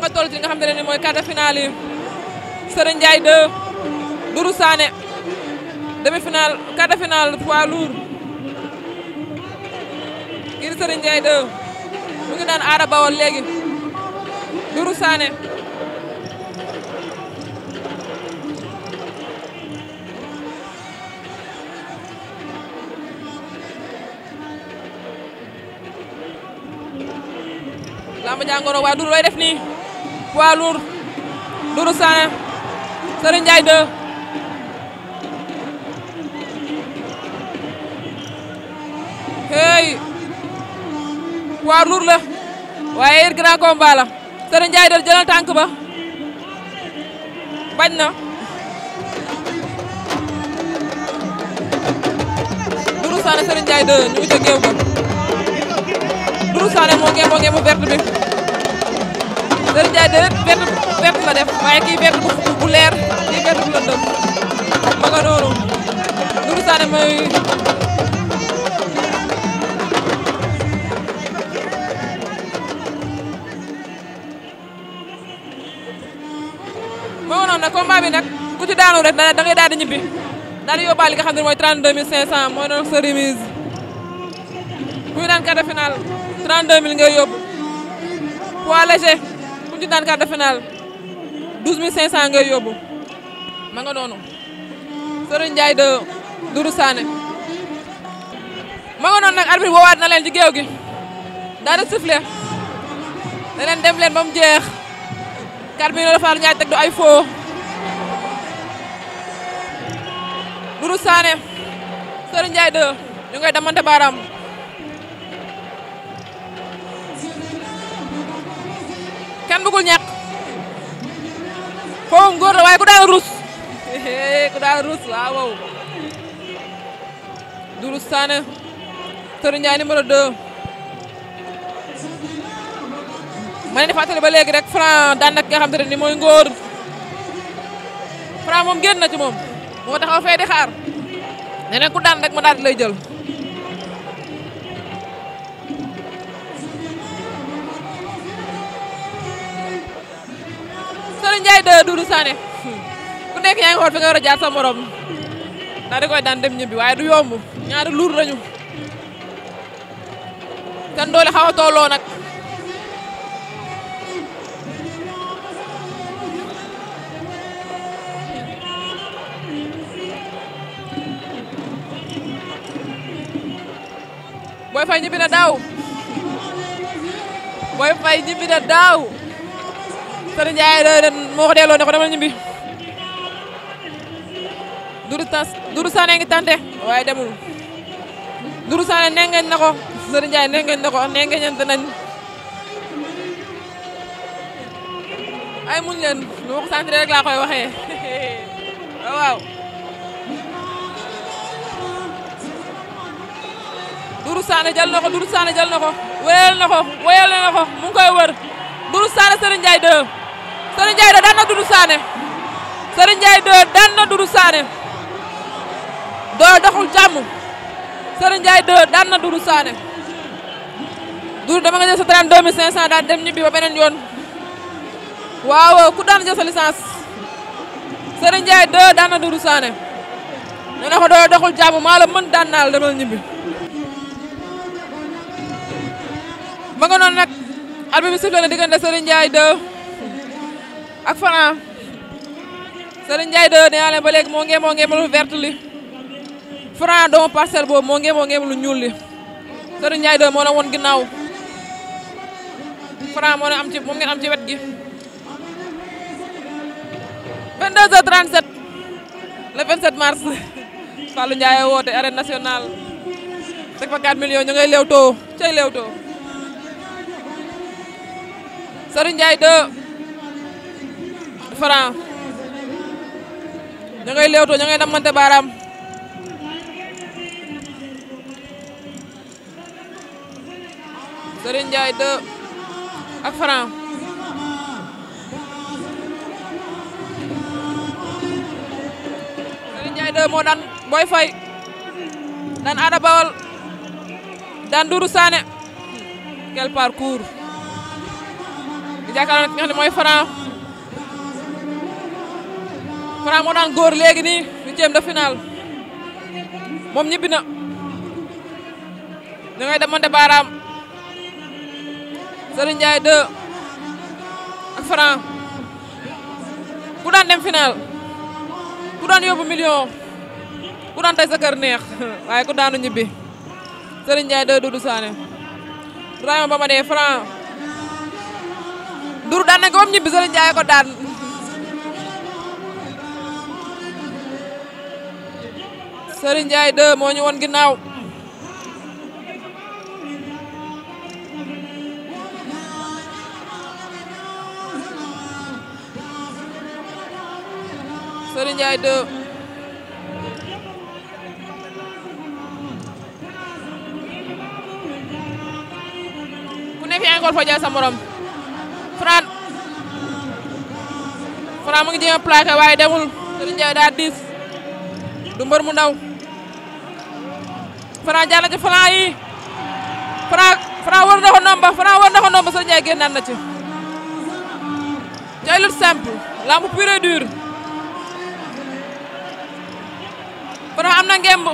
nga toll ci li nga xam ne ni mooy quart de finale yi Serigne Ndiaye 2 Dourou Sané demi-finale quart de finale poids lourd ngir Serigne Ndiaye 2 mu ngi daan Ada lamba jàngoro waa Dourou looy def nii poids lourd Doudou Sané Serigne Ndiaye 2 hey poids lourd la waaye it grand combat la Serigne tànk ba bañ na Doudou Sané Serigne Ndiaye 2 ñu ngi ca géew moo ngeem moo ngeemu Dër Ndiaye déedéet vert vert la def waaye kii vert bu bu kii vert bu lëndëm ma nga noonu mooy noonu nag combat bi nag ku daanu rek da ngay daal di ñibbi daal di yóbbaale li nga xam ne mooy 32500 mooy doon sa remise kuy naan de finale 32000 ngay yóbbu poids ñu daan quart de finale 12500 ngay yóbbu ma nga noonu Serigne Ndiaye de Dourou Sané ma noonu nag arbitre woowaat na leen gi daal di sifflé ne dem leen ba mu jeex 4 millions de faru teg du ay foo Dourou Sané Serigne Ndiaye de ñu ngay damante baaraam kenn bëggul ñàkk foofu góor la waaye ku daan rus ku daan rus waaw waaw Doudou Sané Tony Ndiaye numéro 2 ma ne fàttali ba léegi rek Franc daan nag nga xam ni mooy ngoor Franc moom génn na ci moom moo taxaw fee di xaar ne ku daan rek ma daal lay jël Ndiaye de Doudou Sané ku nekk fi nga war jaar sa morom daal di koy daan ñibbi waaye du yomb ñaari luur lañu seen doole xaw a tolloo nag. Boy ñibbi na daaw Boy Faye ñibbi na daaw Sën Ndiaye de ren moo ko delloo ne ko dama ñibbi Doudou Sané Doudou Sané ngi tante waaye demul Doudou Sané nengeñ na ko na ko nengeñante nañ ay muñ leen lu wax sant na ko Doudou Sané na ko wéyal na ko wéyal na ko mu ngi koy wër Doudou Sané Serigne Ndiaye Serigne Ndiaye daan na Doudou Sané Serigne Ndiaye daan na Doudou Sané doo doxul nga jël sa 32 500 daal dem ñibbi ba beneen yoon waaw ku daan jël sa licence Serigne Ndiaye 2 daan na Doudou Sané ñu ne ko doo doxul jàmm maa la mën daan naa la demal ñibbi ma nga noonu nag bi sifflé na diggante Serigne Ndiaye ak Franc Serigne Ndiaye de nee naa leen ba moo ngeen moo lu verte li Franc doomu parcelle boobu moo ngeen moo ngeen lu ñuul li Serigne Ndiaye de moo la woon ginnaaw Franc moo la am ci wet gi. 22h37 le 27 mars Fallou Ndiaye woote arène nationale teg fa 4 millions ñu ngay leewtoo cay leewtoo Serigne Ndiaye de. franc ña ngay leewtoo ña ngay damante baaraam Serigne Ndiaye ak franc Serigne Ndiaye 2 moo daan Boy daan Ada daan Dourou Sané quel parcours di jàkkaarloo nag nga xam ne Franc moo daan góor léegi nii huitième de finale moom ñibbi na ñu ngay demante baaraam Serigne Ndiaye 2 ak Franc ku daan dem final ku daan yóbbu million ku daan tey sa kër neex waaye ku daanu ñibbi Serigne Ndiaye 2 Doudou Sané rayon ba ma dee Franc duru daan nañ ñibbi Serigne Ndiaye ko daan Serigne Ndiaye 2 moo ñu woon ginnaaw Serigne Ndiaye 2 yaa ngi fa jël sa Fran Fran mu ngi jéem a waaye demul Serigne Ndiaye daa diis du mbër mu ndaw Franc jàll ci yi Franc Franc war nomba Franc war na nomba Serigne Ndiaye génnaat na ci ci lutte simple lamb pure et am na ngemb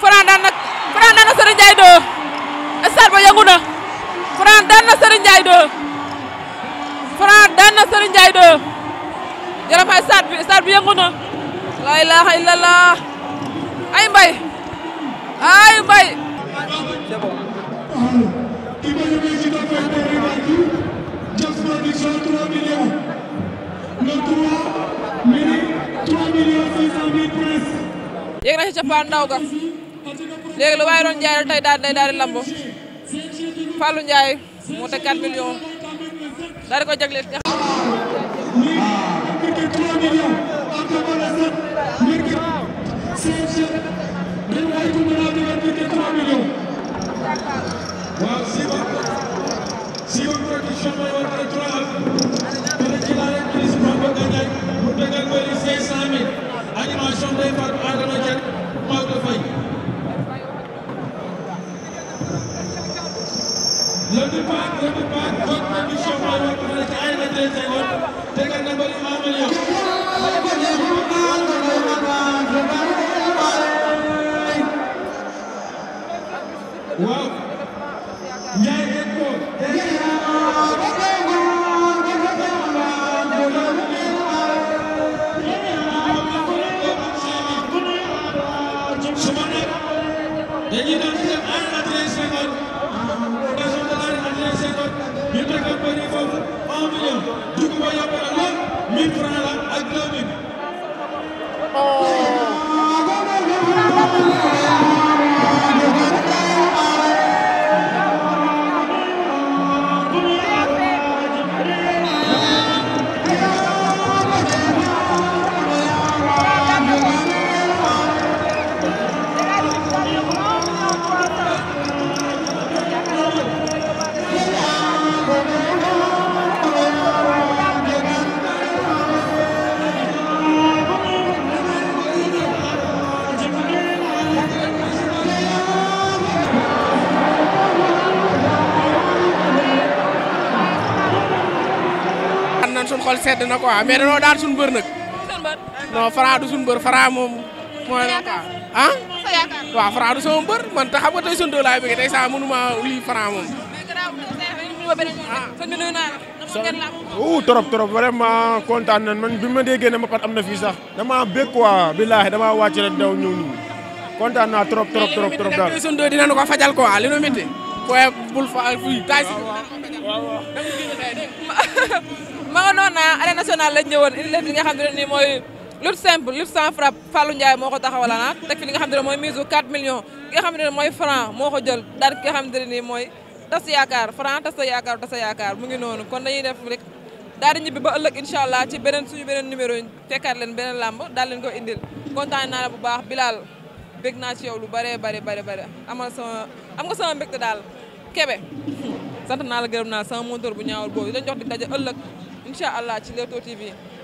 Franc daan na Franc daan na Serigne Ndiaye ba yëngu na Franc daan na Serigne Ndiaye doo Franc daan na Serigne Ndiaye bi stade bi yëngu na la ilaha illallah ay mbay ay mbay c'est bon yéeg na ci capaan ndaw ga léegi lu waaye doon jaay tey daal day daal lambo Fallou Ndiaye moo teg 4 millions daal di ko jagleel CNG même waaye ku mën a diggante 3 millions. waaw si woon si woon production mooy woon ay 3 am. dana ci laaj ak ministre Bamba Gandiaye mu tegal mbëri 500000 animation day Fatou Adama Diagne Maodo Faye. le départ le départ donc production mooy woon dana ci ay xol sedd na ko mais danoo daan suñu bër nag. non Franc du bër Franc moom. mooy la ah? bër man te xam tey sonto ah. laay bëgg tey saa mënuma lii Franc moom. ah. trop trop vraiment kontaan nañ man bi ma déggee ne ma pat am na fii sax damaa bëgg quoi billaahi damaa wàcc rek daw ñëw kontaan naa trop trop trop trop fajal quoi ma nga noonu naa arène nationale lañ ñëwoon indi leen nga xam ne nii mooy lutte simple lutte sans frappe moo ko taxawala ah, na teg li nga xam ne mooy mise u 4 millions ki nga xam ne mooy franc moo ko jël daal ki nga xam ne nii mooy tas yaakaar franc tas yaakaar tas yaakaar mu ngi noonu kon dañuy def rek daal di ñibbi ba ëllëg ko indil kontaan naa la bu baax Bilal bég naa ci yow lu bëree bëri bëri bëri amal sama am nga sama mbégte daal Kébé sant naa la gërëm naa sama monteur bu ñaawul boobu dañ jox di daje ëllëg incha allah ci Leewtoo TV.